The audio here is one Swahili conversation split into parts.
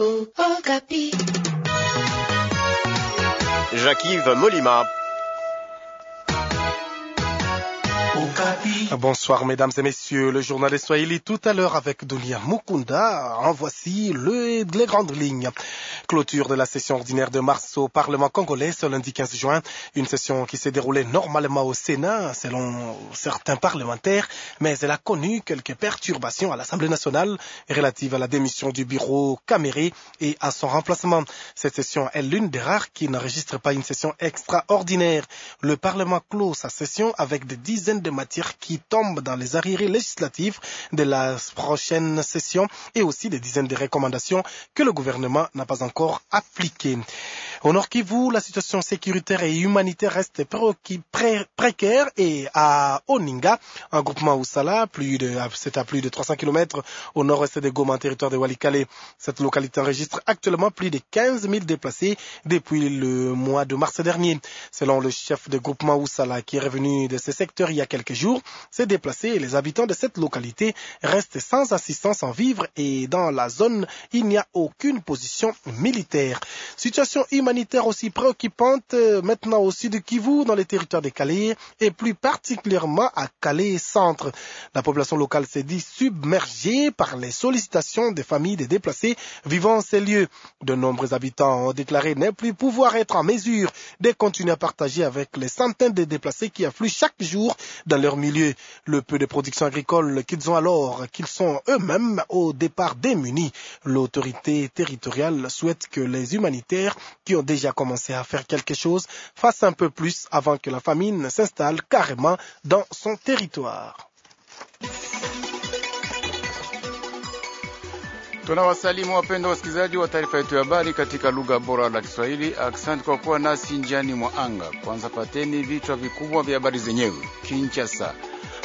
Oh, oh, oh, Molima. Bonsoir mesdames et messieurs, le journal est Swahili tout à l'heure avec Dunia Mukunda. En voici le, les grandes lignes. Clôture de la session ordinaire de mars au Parlement congolais ce lundi 15 juin, une session qui s'est déroulée normalement au Sénat selon certains parlementaires, mais elle a connu quelques perturbations à l'Assemblée nationale relative à la démission du bureau Caméré et à son remplacement. Cette session est l'une des rares qui n'enregistre pas une session extraordinaire. Le Parlement clôt sa session avec des dizaines de matières qui tombe dans les arriérés législatifs de la prochaine session et aussi des dizaines de recommandations que le gouvernement n'a pas encore appliquées. Au Nord Kivu, la situation sécuritaire et humanitaire reste précaire et à Oninga, un groupement Oussala, c'est à plus de 300 km au nord-est de Goma, territoire de Walikale. Cette localité enregistre actuellement plus de 15 000 déplacés depuis le mois de mars dernier. Selon le chef de groupement Oussala, qui est revenu de ce secteur il y a quelques jours, ces déplacés et les habitants de cette localité restent sans assistance en vivre et dans la zone, il n'y a aucune position militaire. Situation humanitaire aussi préoccupante euh, maintenant au de Kivu, dans les territoires de Calais, et plus particulièrement à Calais Centre. La population locale s'est dit submergée par les sollicitations des familles des déplacés vivant ces lieux. De nombreux habitants ont déclaré ne plus pouvoir être en mesure de continuer à partager avec les centaines de déplacés qui affluent chaque jour dans leur milieu. Le peu de production agricole qu'ils ont alors, qu'ils sont eux-mêmes au départ démunis. L'autorité territoriale souhaite que les humanitaires qui ont déjà commencé à faire quelque chose, fassent un peu plus avant que la famine ne s'installe carrément dans son territoire. Tunawasalimu wapendwa wasikilizaji wa taarifa yetu ya habari katika lugha bora la Kiswahili. Asante kwa kuwa nasi njiani mwa anga. Kwanza pateni vichwa vikubwa vya habari zenyewe. Kinshasa,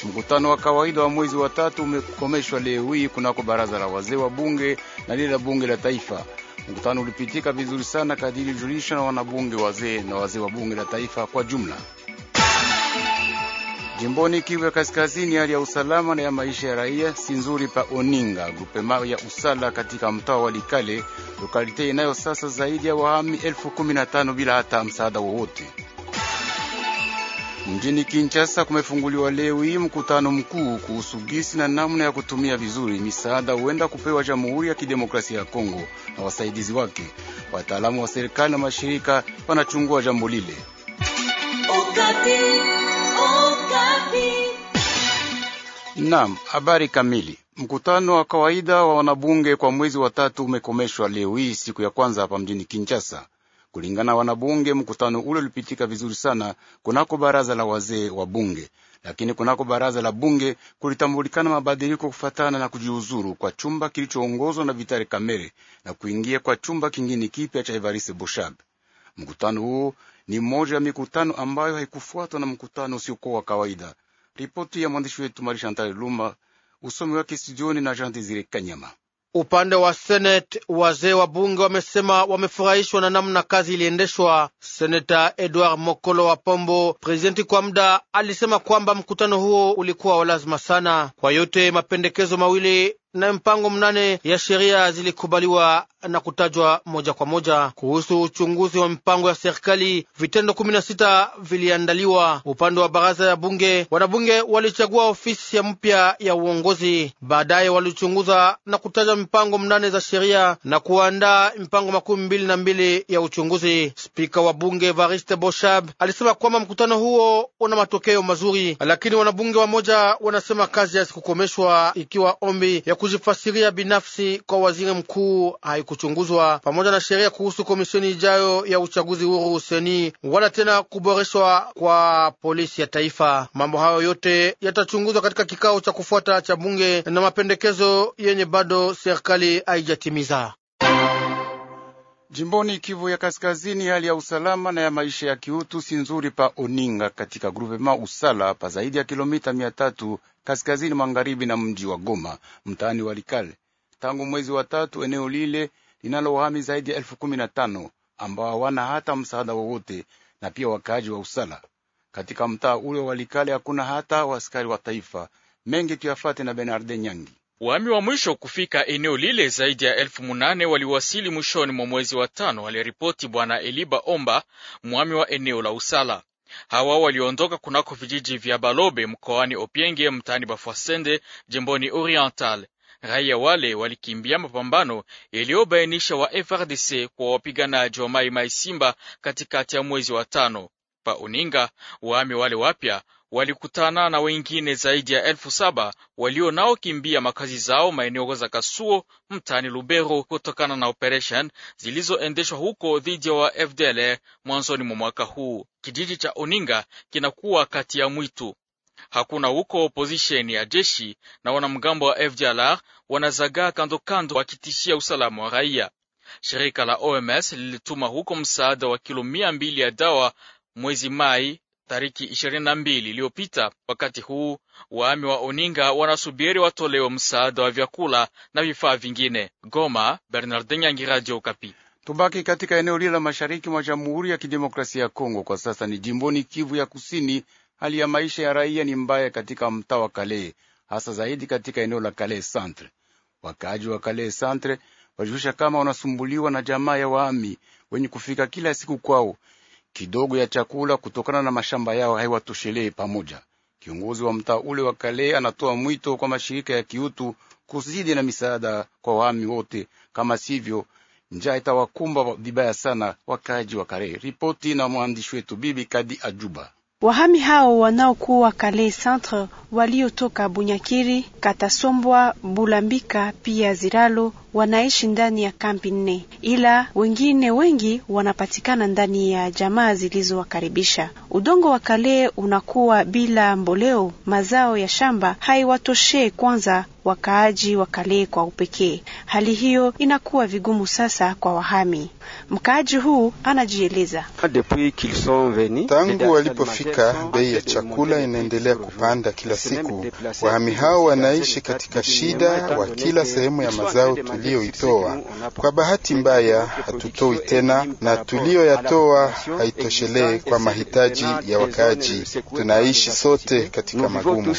mkutano wa kawaida wa mwezi wa tatu umekomeshwa leo hii kunako baraza la wazee wa bunge na lile la bunge la taifa. Mkutano ulipitika vizuri sana kadiri ilivyojulisha na wanabunge wazee na wazee wa bunge la taifa kwa jumla. Jimboni Kivu ya Kaskazini, hali ya usalama na ya maisha ya raia si nzuri pa Oninga grupema ya Usala katika mtaa wa Likale, lokalite inayo sasa zaidi ya wahami elfu kumi na tano bila hata msaada wowote. Mjini Kinshasa kumefunguliwa leo hii mkutano mkuu kuhusu gisi na namna ya kutumia vizuri misaada huenda kupewa Jamhuri ya Kidemokrasia ya Kongo na wasaidizi wake. Wataalamu wa serikali na mashirika wanachungua jambo lile. Naam, habari kamili. Mkutano wa kawaida wa wanabunge kwa mwezi wa tatu umekomeshwa leo hii siku ya kwanza hapa mjini Kinshasa. Kulingana wanabunge, mkutano ule ulipitika vizuri sana kunako baraza la wazee wa bunge, lakini kunako baraza la bunge kulitambulikana mabadiliko kufatana na kujiuzuru kwa chumba kilichoongozwa na Vitali Kamere na kuingia kwa chumba kingine kipya cha Evariste Boshab. Mkutano huo ni mmoja ya mikutano ambayo haikufuatwa na mkutano usiokuwa wa kawaida. Ripoti ya mwandishi wetu Mari Chantal Lumba, usomi wake studioni na Jean Desire Kanyama. Upande wa seneti, wazee wa bunge wamesema wamefurahishwa na namna kazi iliendeshwa. Seneta Edward Mokolo wa Pombo, prezidenti kwa muda, alisema kwamba mkutano huo ulikuwa wa lazima sana. Kwa yote mapendekezo mawili na mpango mnane ya sheria zilikubaliwa na kutajwa moja kwa moja. Kuhusu uchunguzi wa mpango ya serikali, vitendo kumi na sita viliandaliwa. Upande wa baraza ya bunge, wanabunge walichagua ofisi ya mpya ya uongozi. Baadaye walichunguza na kutaja mpango mnane za sheria na kuandaa mpango makumi mbili na mbili ya uchunguzi. Spika wa bunge variste Boshab alisema kwamba mkutano huo una matokeo mazuri, lakini wanabunge wamoja wanasema kazi hazikukomeshwa ikiwa ombi ya kujifasiria binafsi kwa waziri mkuu haikuchunguzwa pamoja na sheria kuhusu komisheni ijayo ya uchaguzi huru useni, wala tena kuboreshwa kwa polisi ya taifa. Mambo hayo yote yatachunguzwa katika kikao cha kufuata cha bunge na mapendekezo yenye bado serikali haijatimiza. Jimboni Kivu ya Kaskazini, hali ya usalama na ya maisha ya kiutu si nzuri pa Oninga katika grupema Usala pa zaidi ya kilomita mia tatu kaskazini magharibi na mji wa Goma mtaani wa Likale. Tangu mwezi wa tatu, eneo lile linalowahami zaidi ya elfu kumi na tano ambao hawana hata msaada wowote, na pia wakaaji wa Usala katika mtaa ule wa Likale hakuna hata waskari wa taifa. Mengi tuyafate na Benarde Nyangi. Wami wa mwisho kufika eneo lile zaidi ya elfu munane waliwasili mwishoni mwa mwezi wa tano, aliripoti Bwana Eliba Omba, mwami wa eneo la Usala. Hawa waliondoka kunako vijiji vya Balobe mkoani Opienge, mtaani Bafwasende, jimboni Oriental. Raia wale walikimbia mapambano yaliyobainisha wa FRDC kwa wapiganaji wa Mai Mai Simba katikati ya mwezi wa tano. Pa Uninga, waami wale wapya walikutana na wengine zaidi ya elfu saba walio nao kimbia makazi zao maeneo za Kasuo mtaani Lubero kutokana na operation zilizoendeshwa huko dhidi ya wa FDLR mwanzoni mwa mwaka huu. Kijiji cha Oninga kinakuwa kati ya mwitu, hakuna huko opozisheni ya jeshi na wanamgambo wa FDLR wanazagaa kando kando, wakitishia usalama wa raia. Shirika la OMS lilituma huko msaada wa kilo mia mbili ya dawa mwezi Mai tariki 22 iliyopita. Wakati huu waami wa Oninga wanasubiri watolewe msaada wa vyakula na vifaa vingine. Goma, Bernardin Nyangi, Radio Okapi. Tumbaki katika eneo lile la mashariki mwa Jamhuri ya Kidemokrasia ya Kongo, kwa sasa ni jimboni Kivu ya Kusini. Hali ya maisha ya raia ni mbaya katika mtaa wa Kale, hasa zaidi katika eneo la Kale Centre. Wakaaji wa Kale Centre wajulisha kama wanasumbuliwa na jamaa ya waami wenye kufika kila siku kwao kidogo ya chakula kutokana na mashamba yao haiwatoshelee pamoja. Kiongozi wa mtaa ule wa Kale anatoa mwito kwa mashirika ya kiutu kuzidi na misaada kwa wahami wote, kama sivyo njaa itawakumba vibaya sana wakaji wa Kale. Ripoti na mwandishi wetu Bibi Kadi Ajuba. Wahami hao wanaokuwa Kale Centre waliotoka Bunyakiri, Katasombwa, Bulambika pia Ziralo wanaishi ndani ya kambi nne, ila wengine wengi wanapatikana ndani ya jamaa zilizowakaribisha. Udongo wa Kale unakuwa bila mboleo, mazao ya shamba haiwatoshee kwanza wakaaji wa Kale kwa upekee. Hali hiyo inakuwa vigumu sasa kwa wahami. Mkaaji huu anajieleza. Tangu walipofika, bei ya chakula inaendelea kupanda kila siku. Wahami hao wanaishi katika shida, wa kila sehemu ya mazao tuliyoitoa. Kwa bahati mbaya, hatutoi tena, na tuliyoyatoa haitoshelee kwa mahitaji ya wakaaji. Tunaishi sote katika magumu.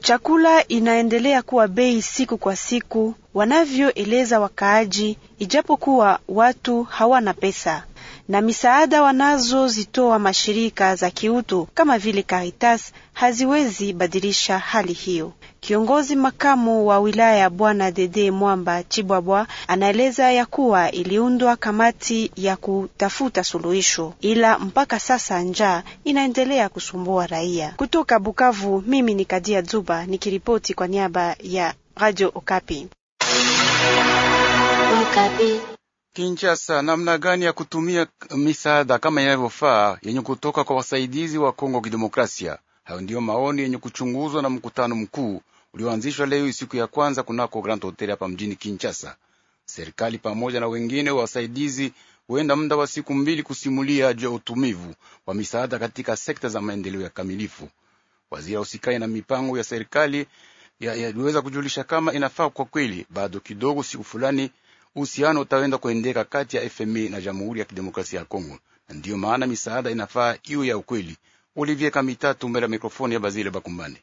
Chakula inaendelea kuwa bei siku kwa siku wanavyoeleza wakaaji, ijapokuwa watu hawana pesa na misaada wanazozitoa mashirika za kiutu kama vile Caritas haziwezi badilisha hali hiyo. Kiongozi makamu wa wilaya Bwana Dede Mwamba Chibwabwa anaeleza ya kuwa iliundwa kamati ya kutafuta suluhisho, ila mpaka sasa njaa inaendelea kusumbua raia. Kutoka Bukavu, mimi ni Kadia Dzuba nikiripoti kwa niaba ya Radio Okapi. Kinshasa, namna gani ya kutumia misaada kama inavyofaa yenye kutoka kwa wasaidizi wa Kongo Kidemokrasia. Hayo ndiyo maoni yenye kuchunguzwa na mkutano mkuu ulioanzishwa leo siku ya kwanza kunako Grand Hotel hapa mjini Kinshasa. Serikali pamoja na wengine wa wasaidizi huenda muda wa siku mbili kusimulia juu ya utumivu wa misaada katika sekta za maendeleo ya kamilifu. Waziri wa usikai na mipango ya serikali yaliweza ya kujulisha kama inafaa kwa kweli bado kidogo siku fulani uhusiano utaenda kuendeka kati ya FMI na Jamhuri ya Kidemokrasia ya Kongo, na ndiyo maana misaada inafaa iwe ya ukweli. Olivier Kamita, tumbela mikrofoni ya Bazile Bakumbane.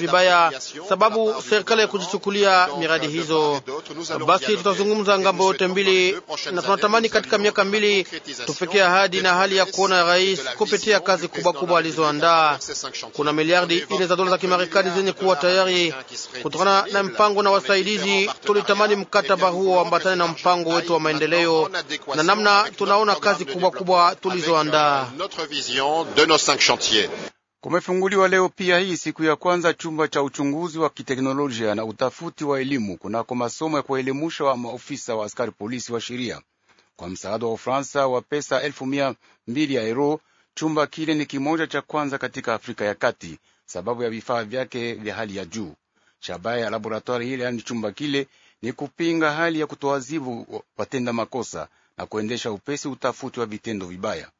vibaya, sababu serikali kujichukulia miradi hizo. Basi tutazungumza ngambo yote mbili, na tunatamani katika miaka mbili tufikie ahadi na hali ya kuona rais kupitia kazi kubwa kubwa alizoandaa. Kuna miliardi ine za dola za Kimarekani zenye kuwa tayari kutokana na mpango na wasaidizi. Tulitamani mkataba huo waambatane na mpango wetu wa maendeleo na namna tunaona kazi kubwa kubwa tulizoandaa. Kumefunguliwa leo pia hii siku ya kwanza chumba cha uchunguzi wa kiteknolojia na utafuti wa elimu kunako masomo ya kuwaelimusha wa maofisa wa askari polisi wa sheria kwa msaada wa Ufaransa wa pesa elfu mia mbili ya euro. Chumba kile ni kimoja cha kwanza katika Afrika ya Kati sababu ya vifaa vyake vya hali ya juu. Shabaha ya laboratori ile, yani chumba kile, ni kupinga hali ya kutowazibu watenda makosa na kuendesha upesi utafuti wa vitendo vibaya.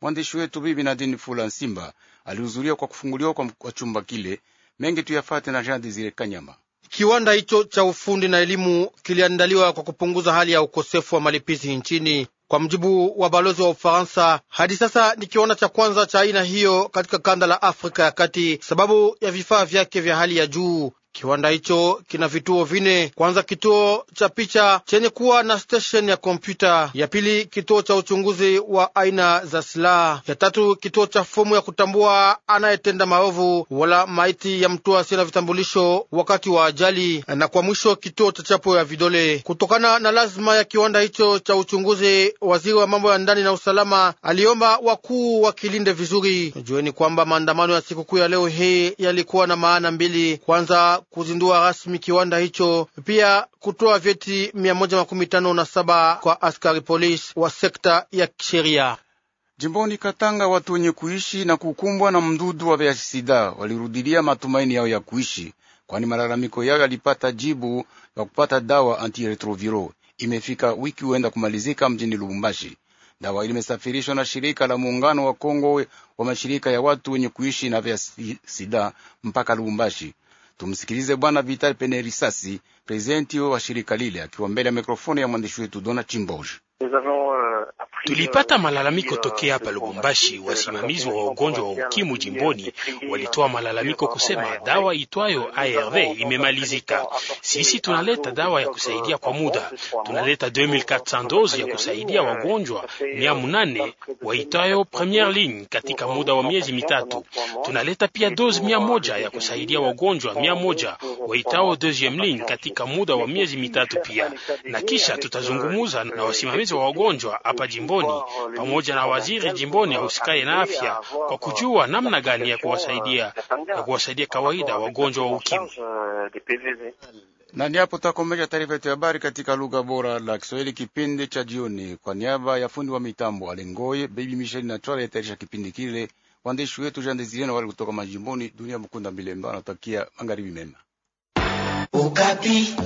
Mwandishi wetu Bibi Nadine Fula Nsimba alihudhuria kwa kufunguliwa kwa chumba kile. Mengi tuyafate na Jean Desire Kanyama. Kiwanda hicho cha ufundi na elimu kiliandaliwa kwa kupunguza hali ya ukosefu wa malipizi nchini. Kwa mjibu wa balozi wa Ufaransa, hadi sasa ni kiwanda cha kwanza cha aina hiyo katika kanda la Afrika ya Kati sababu ya vifaa vyake vya hali ya juu. Kiwanda hicho kina vituo vine: kwanza kituo cha picha chenye kuwa na stesheni ya kompyuta, ya pili kituo cha uchunguzi wa aina za silaha, ya tatu kituo cha fomu ya kutambua anayetenda maovu wala maiti ya mtu asiye na vitambulisho wakati wa ajali, na kwa mwisho kituo cha chapo ya vidole. Kutokana na lazima ya kiwanda hicho cha uchunguzi, waziri wa mambo ya ndani na usalama aliomba wakuu wakilinde vizuri. Jueni kwamba maandamano ya sikukuu ya leo hii yalikuwa na maana mbili: kwanza kuzindua rasmi kiwanda hicho, pia kutoa vyeti saba kwa askari polisi wa sekta ya kisheria. Jimboni Katanga, watu wenye kuishi na kukumbwa na mdudu wa viasida walirudilia matumaini yao ya kuishi, kwani malalamiko yao yalipata jibu ya kupata dawa antiretroviro. Imefika wiki huenda kumalizika mjini Lubumbashi. Dawa ilimesafirishwa na shirika la muungano wa Kongo wa mashirika ya watu wenye kuishi na vya sida mpaka Lubumbashi. Tumsikilize Bwana Vital Penerisasi, prezidenti wa shirika lile, akiwa mbele ya mikrofoni ya mwandishi wetu Dona Chimboge. Tulipata malalamiko tokea hapa Lubumbashi. Wasimamizi wa ugonjwa wa ukimwi jimboni walitoa malalamiko kusema dawa itwayo ARV imemalizika. Sisi tunaleta dawa ya kusaidia kwa muda, tunaleta 2400 dozi ya kusaidia wagonjwa mia munane waitwayo premiere ligne katika muda wa miezi mitatu. Tunaleta pia dozi mia moja ya kusaidia wagonjwa mia moja waitao deuxième ligne katika muda wa miezi mitatu pia, na kisha tutazungumuza na wasimamizi wa wagonjwa hapa jimboni jimboni pamoja na waziri jimboni ahusikaye na afya kwa kujua namna gani ya kuwasaidia na kuwasaidia kawaida wagonjwa wa ukimwi. Na ni hapo takomesha taarifa yetu ya habari katika lugha bora la Kiswahili kipindi cha jioni. Kwa niaba ya fundi wa mitambo Alengoye Baby Michel na Twala yatayarisha kipindi kile, waandishi wetu Jean Desire na wale kutoka majimboni Dunia Mkunda Milemba anatakia magharibi mema. Ukapi.